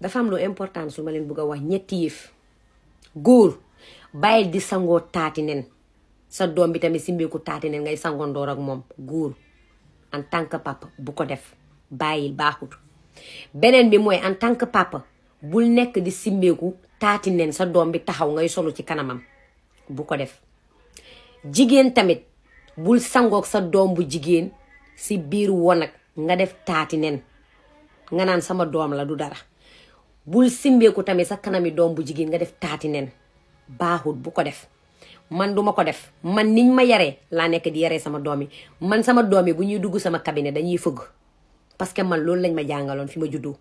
dafa am lu important su ma leen bëgg a wax ñetti yëf góor bàyyil di sangoo taati nen sa doom bi tamit simbeeku taati nen ngay sangoondoor ak moom góor en tant que papa bu ko def bàyyil baaxut beneen bi mooy en tant que papa bul nekk di simbeeku taati nen sa doom bi taxaw ngay solu ci kanamam bu ko def jigéen tamit bul sangoog sa doom bu jigéen si biir wanag nga def taati nen nga naan sama doom la du dara bul simbeeku tamit sa kanami doom bu jigéen nga def taati nen baaxul bu ko def man du ma ko def man niñ ma yaree laa nekk di yaree sama doom yi man sama doom yi bu ñuy dugg sama cabinet dañuy fëgg parce que man loolu lañ ma jàngaloon fi ma juddu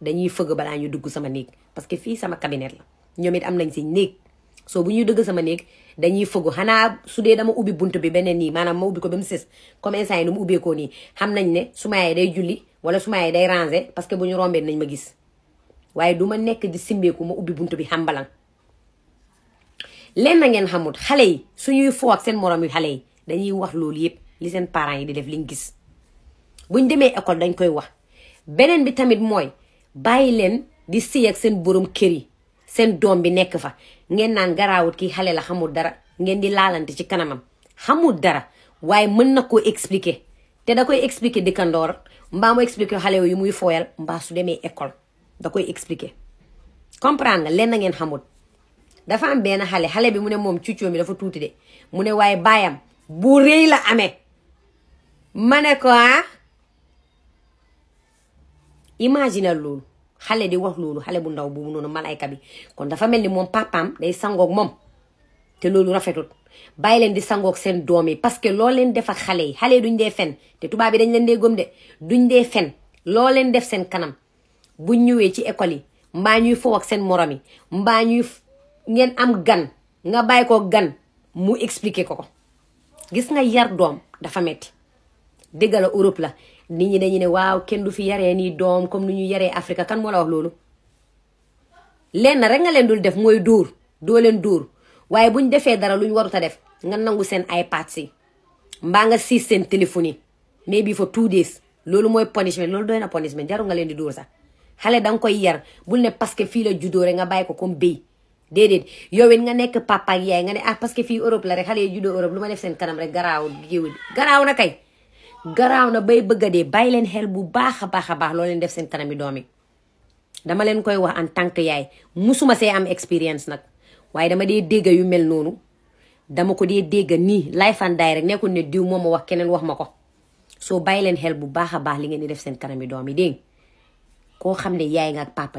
dañuy fëgg balaa ñuy dugg sama néeg parce que fii sama cabinet la ñoom it am nañ si néeg soo bu ñuy dugg sama néeg dañuy fëgg xanaa su dee dama ubbi bunt bi beneen nii maanaam ma ubbi ko ba mu sës comme instant yi nu mu ubbeekoo nii xam nañ ne su ma day julli wala su ma day ranger parce que bu ñu rombee nañ ma gis waaye du ma nekk di simbeeku ma ubbi bunt bi xambalan lenn ngeen xamut xale yi suñuy foo ak seen morom xale yi dañuy wax loolu yëpp li seen parents yi di def liñ gis buñ demee école dañ koy wax beneen bi tamit mooy bàyyi leen di sëy seen borom kër yi seen doom bi nekk fa ngeen naan garaawut kii xale la xamul dara ngeen di laalante ci kanamam xamul dara waaye mën na koo expliquer te da koy expliquer dëkkandoor mbaa mu expliquer xale yu muy fooyal mbaa su demee école da koy expliquer comprendre nga leen na ngeen dafa am benn xale xale bi mu ne moom cuccoo mi dafa tuuti de mu ne waaye baayam bu rëy la amee ma ko ah imagine xale di wax loolu xale bu ndaw boobu noonu malayka bi kon dafa mel ni moom papaam day sangoog moom te loolu rafetut bàyyi leen di sangoog seen doom yi parce que loo leen def xale yi xale yi duñ dee fen te tubaab bi dañ leen dee gëm de duñ dee fen loo leen def seen kanam buñ ñëwee ci école yi mbaa ñuy foo ak seen morom yi mbaa ñuy ngeen am gan nga bàyyi ko gan mu expliquer ko ko gis nga yar doom dafa metti dégg la Europe la nit ñi dañu ne waaw kenn du fi yaree nii doom comme ni ñu yaree Afrique kan moo la wax loolu lenn rek nga leen dul def mooy dóor doo leen dóor waaye buñ defee dara luñ warut a def nga nangu seen iPad si mbaa nga siis seen téléphone yi mais bi fa two days loolu mooy punishment loolu doy na punishment jarul nga leen di door sax xale danga koy yar bul ne parce que fii la juddoo rek nga bàyyi ko kom béy déedéet yow it nga nekk papa ak yaay nga ne ah parce que fii Europe la rek xale lu ma def seen kanam garaaw géwél garaaw na kay garaaw na bay bëgg a dee bàyyi leen xel bu baax a baax a baax loo leen def seen kanam yi doom dama leen koy wax en tant yaay musuma see am expérience nag waaye dama dee dégg yu mel noonu dama ko dee dégg nii life and die rek nekkul ne diw moom ma wax keneen wax ma ko soo bàyyi leen xel bu baax a baax li ngeen di def seen kanam yi doom yi dégg koo xam ne yaay nga ak papa